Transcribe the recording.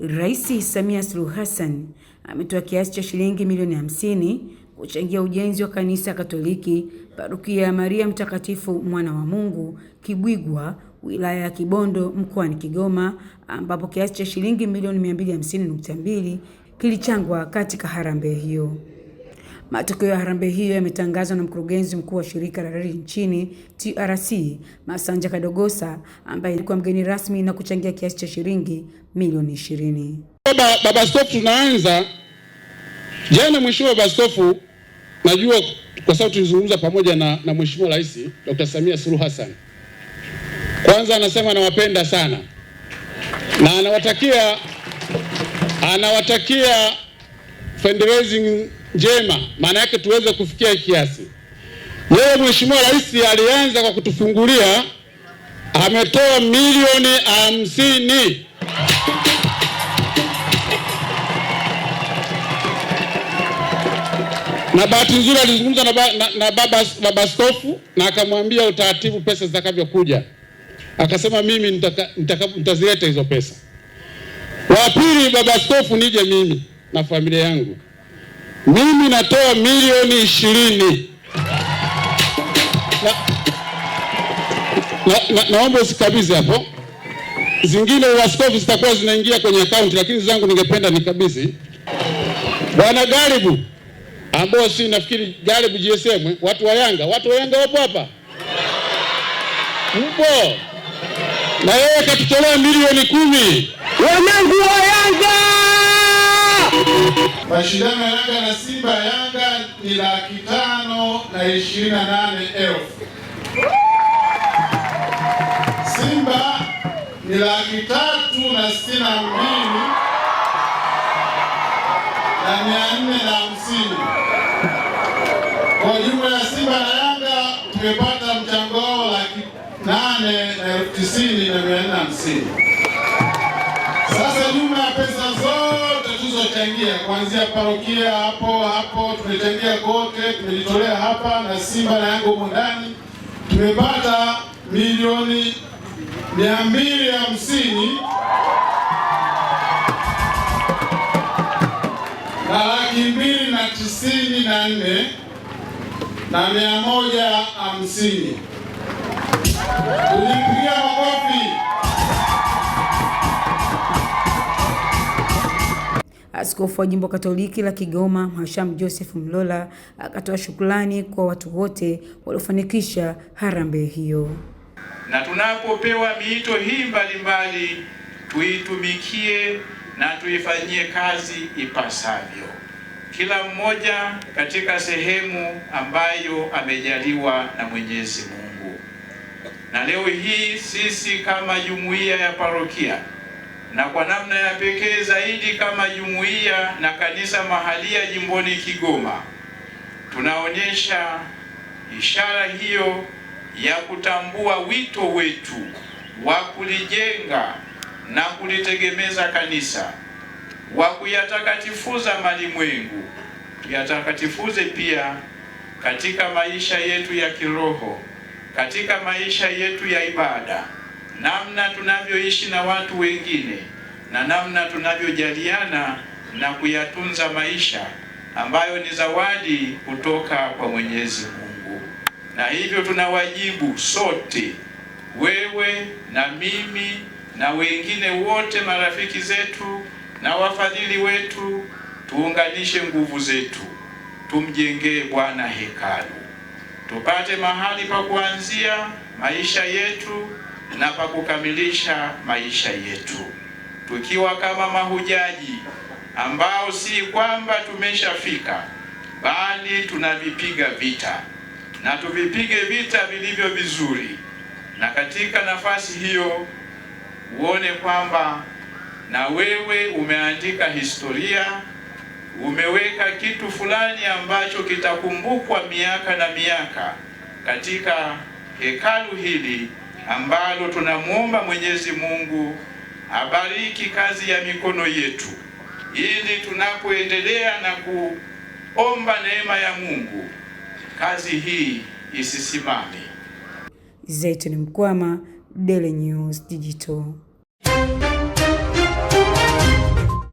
Rais Samia Suluhu Hassan ametoa kiasi cha shilingi milioni hamsini kuchangia ujenzi wa kanisa Katoliki Parokia ya Maria Mtakatifu Mwana wa Mungu Kibwigwa wilaya ya Kibondo mkoani Kigoma ambapo kiasi cha shilingi milioni 250.2 kilichangwa katika harambee hiyo. Matokeo ya harambee hiyo yametangazwa na mkurugenzi mkuu wa shirika la reli nchini TRC, Masanja Kadogosa, ambaye alikuwa mgeni rasmi na kuchangia kiasi cha shilingi milioni ishirini. Baba Askofu, tunaanza jana. Mheshimiwa Baba najua kwa sababu tulizungumza pamoja na, na Mheshimiwa Rais Dr. Samia Suluhu Hassan. Kwanza anasema anawapenda sana na anawatakia anawatakia fundraising njema, maana yake tuweze kufikia kiasi. Yeye Mheshimiwa Rais alianza kwa kutufungulia, ametoa milioni hamsini na bahati nzuri alizungumza na, ba, na, na baba, baba Skofu na akamwambia utaratibu pesa zitakavyokuja, akasema mimi nitazileta hizo pesa. Wa pili baba Skofu nije mimi na familia yangu. Mimi natoa milioni ishirini. Na, na, na, naomba usikabidhi hapo, zingine waskofu zitakuwa zinaingia kwenye akaunti, lakini zangu ningependa nikabidhi Bwana Garibu ambao si nafikiri Garibu GSM, watu wa Yanga, watu wa Yanga wapo hapa, mpo na yeye katutolewa milioni kumi, wanangu wa Yanga. Mashindano ya Yanga na Simba Yanga ni laki tano na ishirini na nane elfu Simba ni laki tatu na sitini na mbili na mia nne na hamsini Kwa jumla ya Simba na Yanga tumepata mchango wao laki nane na elfu tisini na mia nne na hamsini Sasa jumla ya pesa zote tunachangia kuanzia parokia hapo hapo, tumechangia kote, tumejitolea hapa na Simba na Yanga huko ndani, tumepata milioni mia mbili hamsini na laki mbili na tisini na nne na mia moja hamsini. Tulimpigia makofi. Askofu wa jimbo Katoliki la Kigoma Mhashamu Joseph Mlola akatoa shukrani kwa watu wote waliofanikisha harambee hiyo. Na tunapopewa miito hii mbalimbali, tuitumikie na tuifanyie kazi ipasavyo, kila mmoja katika sehemu ambayo amejaliwa na Mwenyezi Mungu. Na leo hii sisi kama jumuiya ya parokia na kwa namna ya pekee zaidi kama jumuiya na kanisa mahalia jimboni Kigoma tunaonyesha ishara hiyo ya kutambua wito wetu wa kulijenga na kulitegemeza kanisa, wa kuyatakatifuza malimwengu, tuyatakatifuze pia katika maisha yetu ya kiroho, katika maisha yetu ya ibada namna tunavyoishi na watu wengine na namna tunavyojaliana na kuyatunza maisha ambayo ni zawadi kutoka kwa Mwenyezi Mungu. Na hivyo tuna wajibu sote, wewe na mimi na wengine wote, marafiki zetu na wafadhili wetu, tuunganishe nguvu zetu, tumjengee Bwana hekalu, tupate mahali pa kuanzia maisha yetu na kwa kukamilisha maisha yetu, tukiwa kama mahujaji ambao si kwamba tumeshafika, bali tunavipiga vita na tuvipige vita vilivyo vizuri, na katika nafasi hiyo uone kwamba na wewe umeandika historia, umeweka kitu fulani ambacho kitakumbukwa miaka na miaka katika hekalu hili ambalo tunamwomba Mwenyezi Mungu abariki kazi ya mikono yetu, ili tunapoendelea na kuomba neema ya Mungu kazi hii isisimame. ni Mkwama, Daily News Digital.